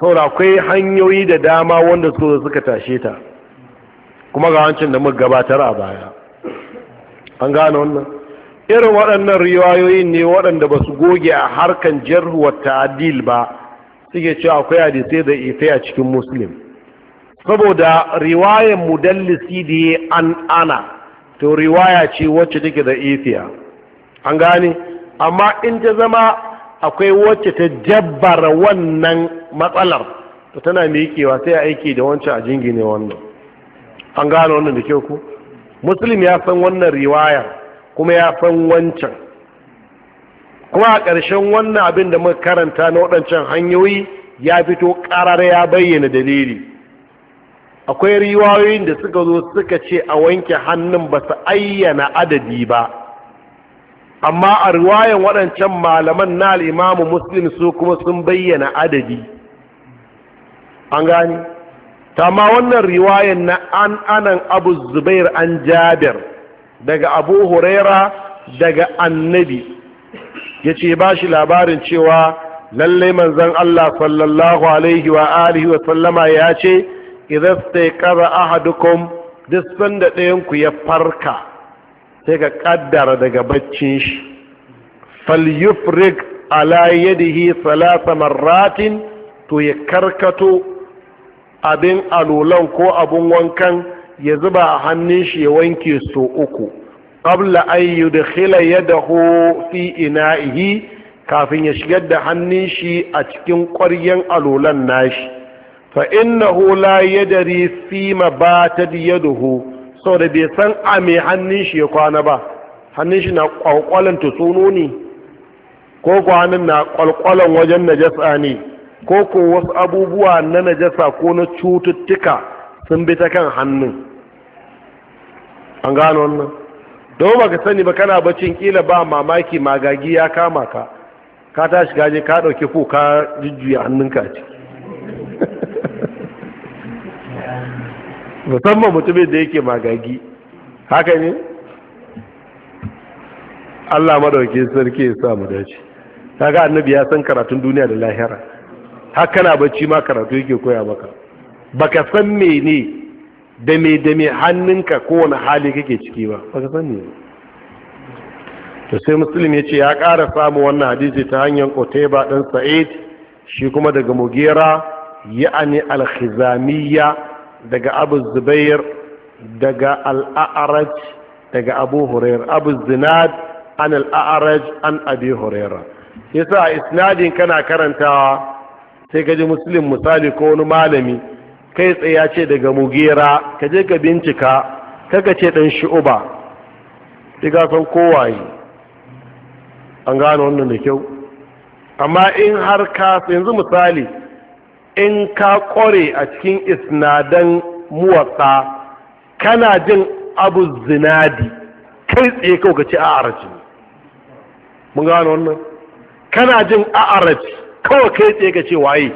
saura akwai hanyoyi da dama wanda su suka tashe ta kuma ga hancin da muka gabatar a baya an gane wannan irin waɗannan riwayoyin ne waɗanda ba su goge a harkan jarhu wa ta'dil ba suke cewa akwai hadisai da ifai a cikin muslim saboda riwayan mudallisi da ya an ana to riwaya ce wacce take da ifiya an gane amma in ta zama akwai wacce ta jabbara wannan matsalar to tana miƙewa sai a aiki da wancan a jingine wannan an gano wannan da kyau ku musulmi ya san wannan riwaya kuma ya san wancan kuma a ƙarshen wannan abin da muka karanta na waɗancan hanyoyi ya fito ƙarar ya bayyana dalili akwai riwayoyin da suka zo suka ce a wanke hannun ba su ayyana adadi ba amma a riwayan waɗancan malaman na al'imamu muslim su kuma sun bayyana adadi an gani ma wannan riwayan na an anan abu zubair an jabir daga abu huraira daga annabi ya ce ba shi labarin cewa lallai manzan Allah sallallahu alaihi wa alihi wa sallama ya ce idan sai kaza ahadukum duk sanda ɗayanku ya farka sai ka kaddara daga baccin shi falyufrik ala yadihi salasa marratin to ya karkato abin alulan ko abin wankan ya zuba a hannun shi ya wanke so uku qabla an yudkhila yadahu fi ina'ihi kafin ya shigar da hannun shi a cikin ƙwaryen alulan nashi fa innahu la yadri fi ma batad yaduhu saboda bai san a mai hannun shi ya kwana ba hannun shi na kwalkwalan tusuno ne ko kwanan na kwalkwalan wajen najasa ne ko ko wasu abubuwa na najasa ko na cututtuka sun bi ta kan hannun an gano wannan don ba ka sani ba kana bacin kila ba mamaki magagi ya kama ka ka tashi gaje ka ɗauki ko ka jujjuya hannunka ciki musamman mutumin da yake magagi haka ne Allah madauki sarki ya sa mu dace kaga annabi ya san karatun duniya da lahira har kana bacci ma karatu yake koya maka baka san mene da me da me hannunka kowane hali kake ciki ba baka san mene to sai muslim ya ce ya kara samu wannan hadisi ta hanyar Qutayba dan Sa'id shi kuma daga Mugira ya'ani al-Khizamiyya daga abu zubair daga al'a'araj daga abu hurair abu zinad an al'a'araj an abi huraira yasa a isnadin kana karantawa sai gaji muslim misali ko wani malami kai tsaye ce daga mugera ka je ka bincika kaga ce dan shi'uba diga san kowaye an gano wannan da kyau amma in har ka yanzu misali in ka ƙware a cikin isnadan muwatsa kana jin abu zinadi kai tsaye kau ka ce a'araji mun gano wannan kana jin a'araji kawai kai tsaye ka ce waye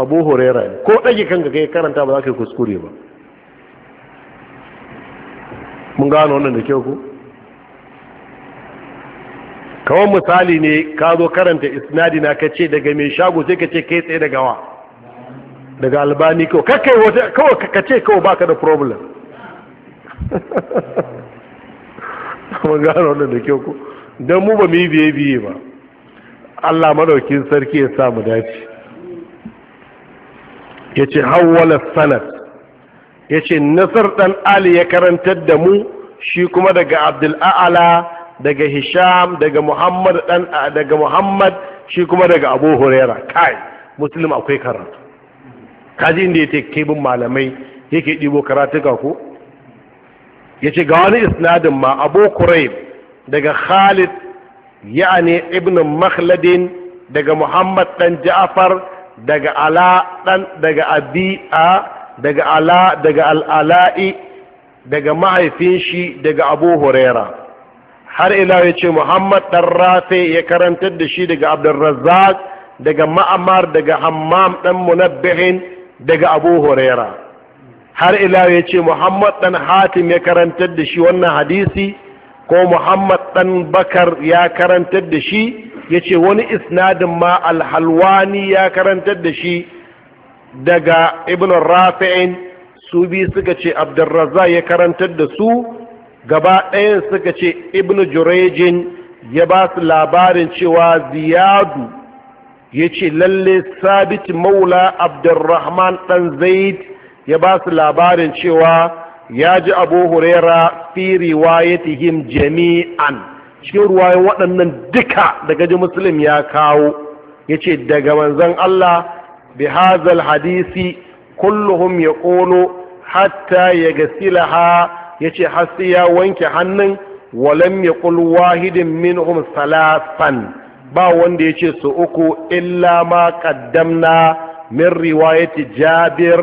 abu horera ne ko ɗage ka kai karanta ba za ka yi kuskure ba mun gano wannan da kyau ku kawai misali ne ka zo karanta isnadi na ka ce daga mai shago sai ka ce kai tsaye daga wa daga albani kawai kakai wata kawai kakace kawai baka da problem kuma gano wannan da kyau ko don mu ba mu yi biye biye ba Allah madaukin sarki ya sa mu dace yace hawwala sanad yace nasar dan ali ya karantar da mu shi kuma daga abdul a'ala daga hisham daga muhammad daga muhammad shi kuma daga abu huraira kai muslim akwai karatu kaji inda ya take bin malamai yake ɗibo karatuka ko ya ce ga wani isnadin ma abu kurai daga khalid ya'ani ibn makhladin daga muhammad dan ja'far daga ala dan daga abi'a daga ala daga al'ala'i daga mahaifin shi daga abu huraira har ila ya ce muhammad dan rafe ya karantar da shi daga abdulrazzaq daga ma'amar daga hammam dan munabbihin daga abu huraira har ila ya ce muhammad dan hatim ya karantar da shi wannan hadisi ko muhammad dan bakar ya karantar da shi ya ce wani isnadin ma alhalwani ya karantar da shi daga ibn rafi'in su bi suka ce abdurraza ya karantar da su gaba ɗayan suka ce ibn jurejin ya ba su labarin cewa ziyadu ya ce lalle sabit maula abdurrahman ɗan zaid ya ba su labarin cewa ya ji abu Hurera firi huraira fi tihim jami'an cikin ruwayen waɗannan duka daga ji musulun ya kawo ya ce daga manzan Allah bi hazal hadisi kulluhum ya ƙolo hatta ya gasila ha ya ce hasi ya wanke hannun walam ya ƙul wahidin minhum salafan ba wanda ya ce su uku illa ma qaddamna min riwayati jabir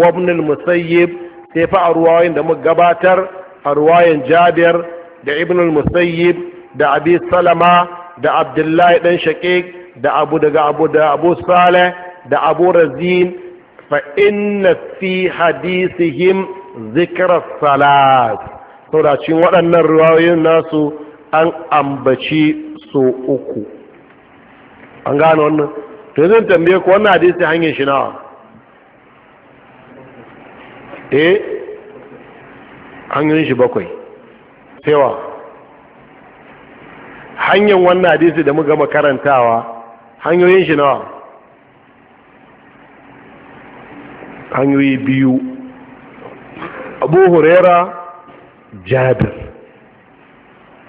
wa ibn al-musayyib sai fa a ruwayoyin da muka gabatar a ruwayan jabir da ibn al-musayyib da abi salama da abdullahi dan shaqiq da abu daga abu da abu saleh da abu razin fa inna fi hadisihim zikra salat saboda cikin waɗannan ruwayoyin nasu an ambaci sau uku an gane wannan to zan tambaye ku wannan hadisi hanyar shi nawa eh hanyar shi bakwai cewa hanyar wannan hadisi da muka makarantawa hanyoyin shi nawa hanyoyi biyu abu Hurera, jadir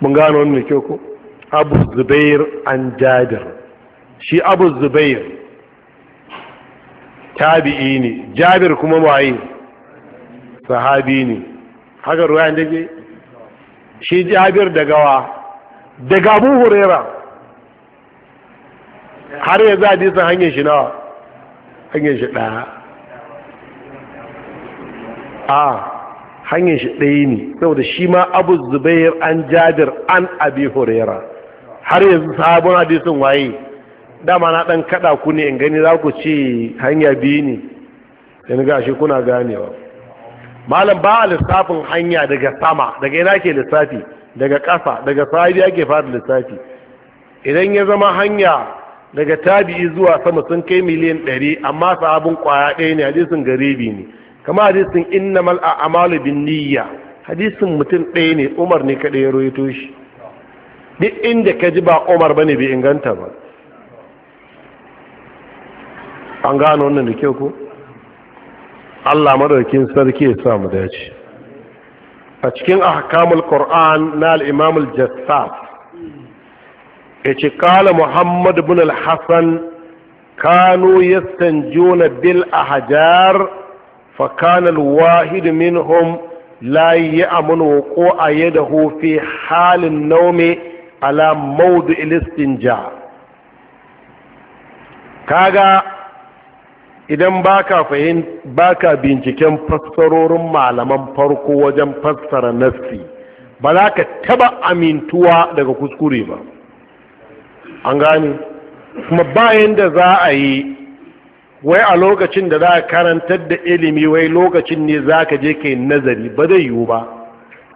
mun gano mai kyau ko abu zubair an jadir shi abu zubair tabi'i ne jabir kuma waye sahabi ne haka ruwa ruwayan ke shi jabir daga wa daga abu hurera har ya za a disa hanyar shi nawa hanyar shi ɗaya a hanyar shi ɗaya ne saboda shi ma abu zubair an jabir an abi hurera har yanzu sabon hadisin waye dama na dan kaɗa ku ne in gani za ku ce hanya biyu ne in ga shi kuna ganewa malam ba a lissafin hanya daga sama daga ina ke lissafi daga ƙasa daga sahabi ake fara lissafi idan ya zama hanya daga tabi'i zuwa sama sun kai miliyan ɗari amma sabon ƙwaya ɗaya ne hadisin garibi ne kama hadisin innamal a'malu bin niyya hadisin mutum ɗaya ne umar ne kaɗai ya roito shi duk inda ka ji ba umar bane bai inganta ba an gano wannan da kyau ko Allah madaukin sarki ya sa mu dace a cikin ahkamul qur'an na al-imam al-jassas Muhammadu bin muhammad ibn al-hasan kanu yastanjuna bil ahjar fa kana al-wahid minhum la ya'mun wuqu'a yadahu fi halin nawmi ala mawdi' istinja kaga idan baka fahim binciken fassarorin malaman farko wajen fassara nassi ba za ka taba amintuwa daga kuskure ba an gane kuma bayan da za a yi wai a lokacin da za a karantar da ilimi wai lokacin ne za ka je ka yi nazari ba zai yiwu ba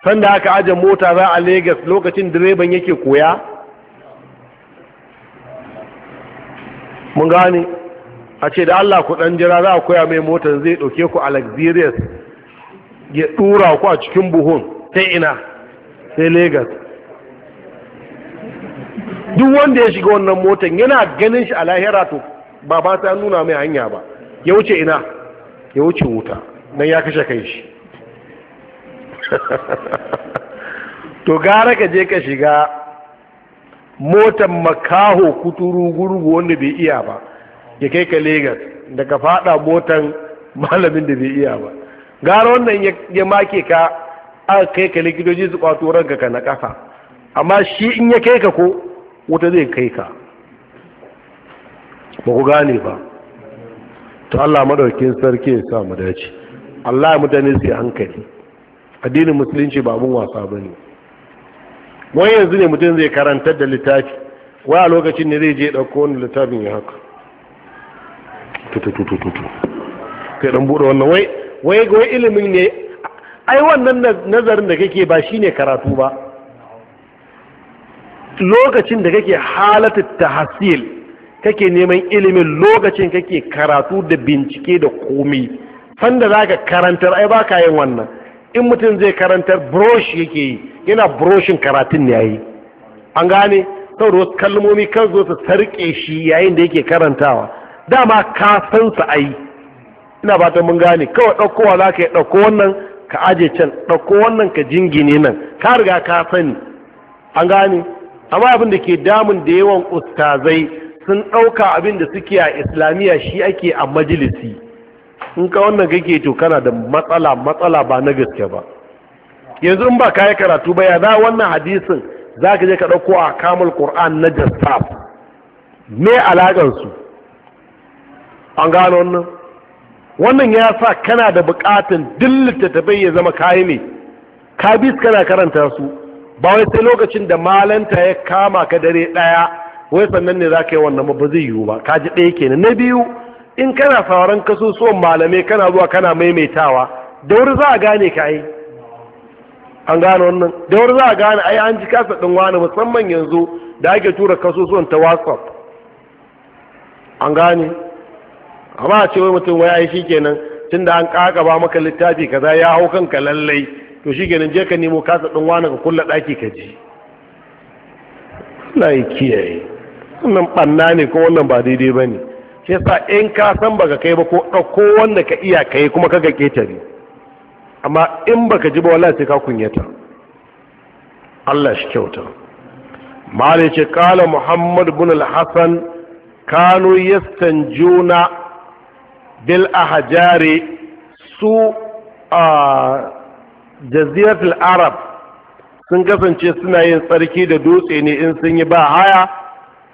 sanda aka ajiye mota za a Legas lokacin direban yake koya mun gane a ce da Allah ku ɗan jira za a koya mai motar zai ɗauke ku a luxurious ya ɗura ku a cikin buhun sai ina sai Lagos duk wanda ya shiga wannan motar yana ganin shi a lahira to ba ba ta nuna mai hanya ba ya wuce ina ya wuce wuta nan ya kashe kai shi to gara ka je ka shiga motar makaho kuturu gurgu wanda bai iya ba ya kai ka Legas da ka fada motan malamin da bai iya ba gara wannan ya make ka aka kai ka likitoci su kwato ranka ka na kasa amma shi in ya kai ka ko wuta zai kai ka ba ku gane ba to Allah madaukin sarki ya sa dace Allah mutane su hankali addinin musulunci ba abun wasa bane Wani yanzu ne mutum zai karantar da littafi wai a lokacin ne zai je dauko wani littafin ya haka tututututu kai dan bude wannan wai wai ilimin ne ai wannan nazarin da kake ba shine karatu ba lokacin da kake halatu tahsil kake neman ilimin lokacin kake karatu da bincike da komai sanda zaka karantar ai baka yin wannan in mutum zai karantar brush yake yi yana brushin karatun ne yayi an gane saboda wasu kalmomi kan zo su sarke shi yayin da yake karantawa dama ka san su ai ina ta mun gane kawai ɗaukowa za ka yi ɗauko wannan ka aje can ɗauko wannan ka jingine nan ka riga ka sani an gane amma abin da ke damun da yawan ustazai sun ɗauka abin da suke a islamiyya shi ake a majalisi in ka wannan kake to kana da matsala matsala ba na gaske ba yanzu in ba ka yi karatu ba ya za wannan hadisin za ka je ka ɗauko a kamul ƙur'an na jassaf me alaƙansu an gano wannan wannan ya sa kana da bukatan ta littattafai ya zama kayi ne ka kana karanta su ba wai sai lokacin da malanta ya kama ka dare daya wai sannan ne za ka yi wannan ba zai yiwu ba ka ji ɗaya kenan na biyu in kana sauran kasusuwan malamai kana zuwa kana maimaitawa da wuri za a gane ka ai an gano wannan da wuri za a gane ai an ji kasa din wani musamman yanzu da ake tura kasusuwan ta whatsapp an gane amma a ce wai mutum wai ai shikenan tunda an ba maka littafi kaza ya hau kanka lallai to shikenan je ka nemo kasa din wani ka kulla ɗaki ka ji lai kiyaye wannan banna ne ko wannan ba daidai bane shi yasa in ka san baka kai ba ko dauko wanda ka iya kai kuma kaga ketare amma in baka ji ba wallahi sai ka kunyata Allah shi kyauta mali ce kala muhammad bin al kano kanu juna. bil ahajari su a jaziratul arab sun kasance suna yin tsarki da dutse ne in sun yi ba haya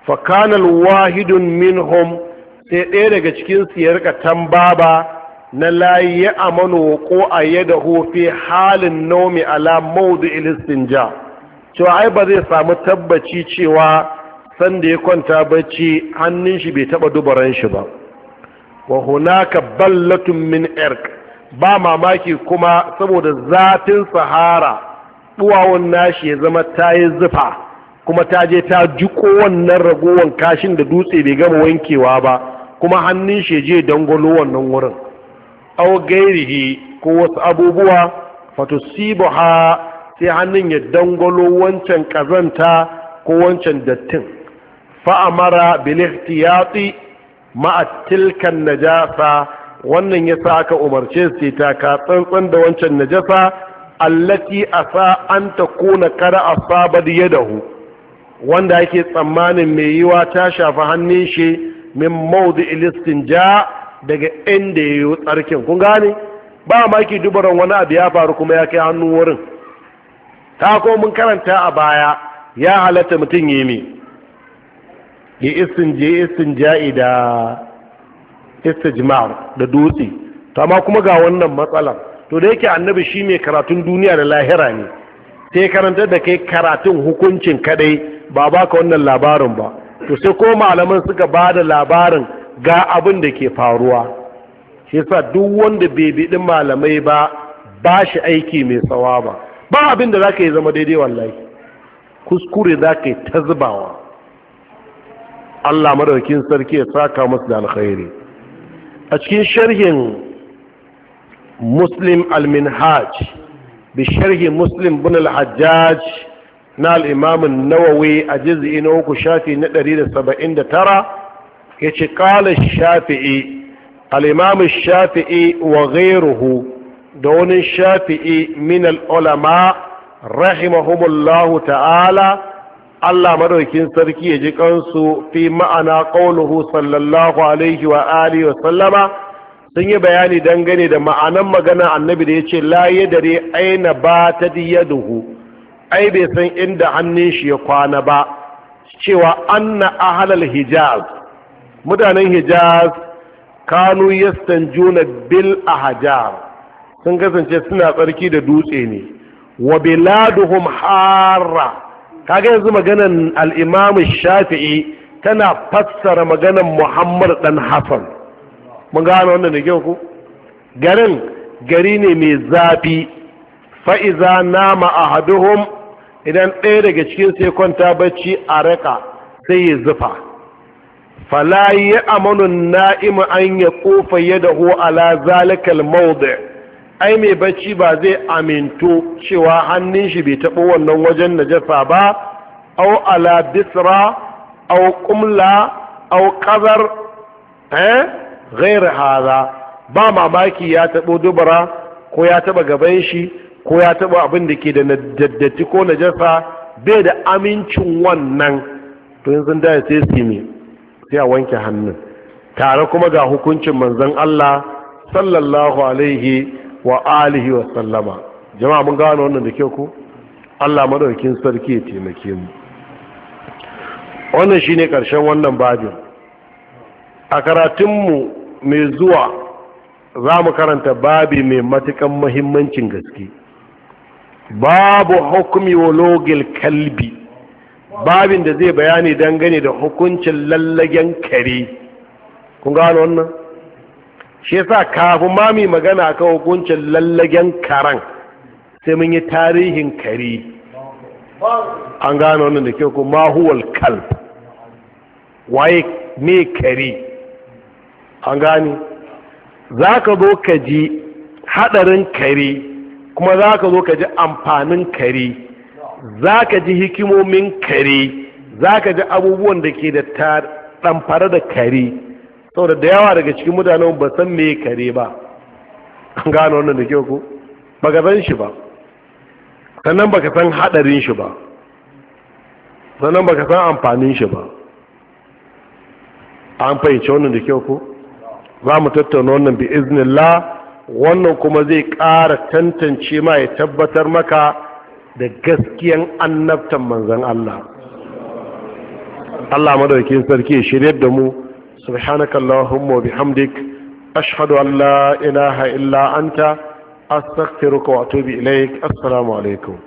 fakanal wahidun minhum sai ɗaya daga cikin su ya tambaba na layi ya amanu ko a yada hofe halin nomi ala maudu ilistinja cewa ai ba zai samu tabbaci cewa sanda ya kwanta bacci hannun shi bai taba dubaran shi ba wa hunaka ballatun min irk ba mamaki kuma saboda zatin sahara duwawun nashi ya zama ta yi zufa kuma ta je ta jiko wannan ragowar kashin da dutse bai gama wankewa ba kuma hannun shi je dangwalo wannan wurin aw gairihi ko wasu abubuwa sibuha sai hannun ya dangwalo wancan kazanta ko wancan dattin fa'amara bil ma'at tilkan najasa wannan ya sa aka umarce su ta tsantsan da wancan najasa allati asa an ta kuna kada sabar yadahu wanda ake tsammanin mai yiwa ta shafi hannun shi min ilistin ja daga inda yayi tsarkin kun gane ba ma ki dubaran wani abu ya faru kuma ya kai hannun wurin ta ko mun karanta a baya ya halatta mutum yi mi ya isin ja'i da istijmar da dutse to amma kuma ga wannan matsalar to da yake annabi shi mai karatun duniya da lahira ne sai karantar da kai karatun hukuncin kadai ba ba ka wannan labarin ba to sai ko malaman suka ba da labarin ga abin da ke faruwa shi yasa duk wanda bai biɗin malamai ba ba shi aiki mai tsawa ba ba abin da za ka yi zama daidai wallahi kuskure za ka yi ta zubawa Allah madaukin sarki ya saka musu da alkhairi a cikin sharhin muslim al-minhaj bi sharhi muslim bin al-hajjaj na al'imamin nawawi a jizi na uku shafi na 179 tara, ce kala shafi'i al'imamin shafi'i wa gairuhu da wani shafi'i min ulama rahimahumullahu ta'ala Allah madaukin sarki ya ji kansu fi ma'ana qauluhu sallallahu alaihi wa alihi wa sallama sun yi bayani dangane da ma'anan magana annabi da yace la yadare aina batat yaduhu ai bai san inda hannun shi ya kwana ba cewa anna ahlal hijaz mutanen hijaz kanu yastanjuna bil ahjar sun kasance suna tsarki da dutse ne wa biladuhum harra kaga yanzu maganan al-imam shafi'i tana fassara maganan muhammad Ɗan Hassan. mun gano wannan da ku garin gari ne mai zafi fa'iza nama ahaduhum idan ɗaya daga cikin sai kwanta bacci a raka sai ya zufa fala yi amanun na'imu an ya kofa yadda ala zalikal mawdi' ai mai bacci ba zai aminto cewa hannun shi bai taɓa wannan wajen najasa ba au ala bisra au kumla au kazar eh ghairu haza ba mamaki ya taɓo dubara ko ya taɓa gaban shi ko ya taɓa abin da ke da daddati ko najasa bai da amincin wannan to yanzu da sai su ne sai a wanke hannun tare kuma ga hukuncin manzon Allah sallallahu alaihi wa alihi wa sallama jama'a mun gano wannan da kyau ku? Allah madaukin sarki ya taimake mu wannan shine karshen wannan babin a karatunmu mai zuwa za mu karanta babi mai matukan muhimmancin gaske babu hukumi walogil kalbi babin da zai bayani dangane da hukuncin lallagen kare kun gano wannan shi yasa kafin ma mai magana kan hukuncin lallagen karan sai mun yi tarihin kari an gano wannan da ke ku huwal kal waye me kari an gane za ka zo ka ji haɗarin kari kuma za ka zo ka ji amfanin kari za ka ji hikimomin kari za ka ji abubuwan da ke da ɗamfara da kari. saboda da yawa daga cikin mutanen ba san me kare ba an gano wannan da kyau ko ka san shi ba sannan ba ka san hadarin shi ba sannan ba ka san amfanin shi ba an fahimci wannan da kyau ko za mu tattauna wannan bi iznillah wannan kuma zai ƙara tantance ma ya tabbatar maka da gaskiyan annabtan manzan Allah Allah madaukakin sarki ya shirye da mu subhanaka allahumma bihamdik ashhadu an la ilaha illa anta astaghfiruka wa atubu ilaik assalamu alaikum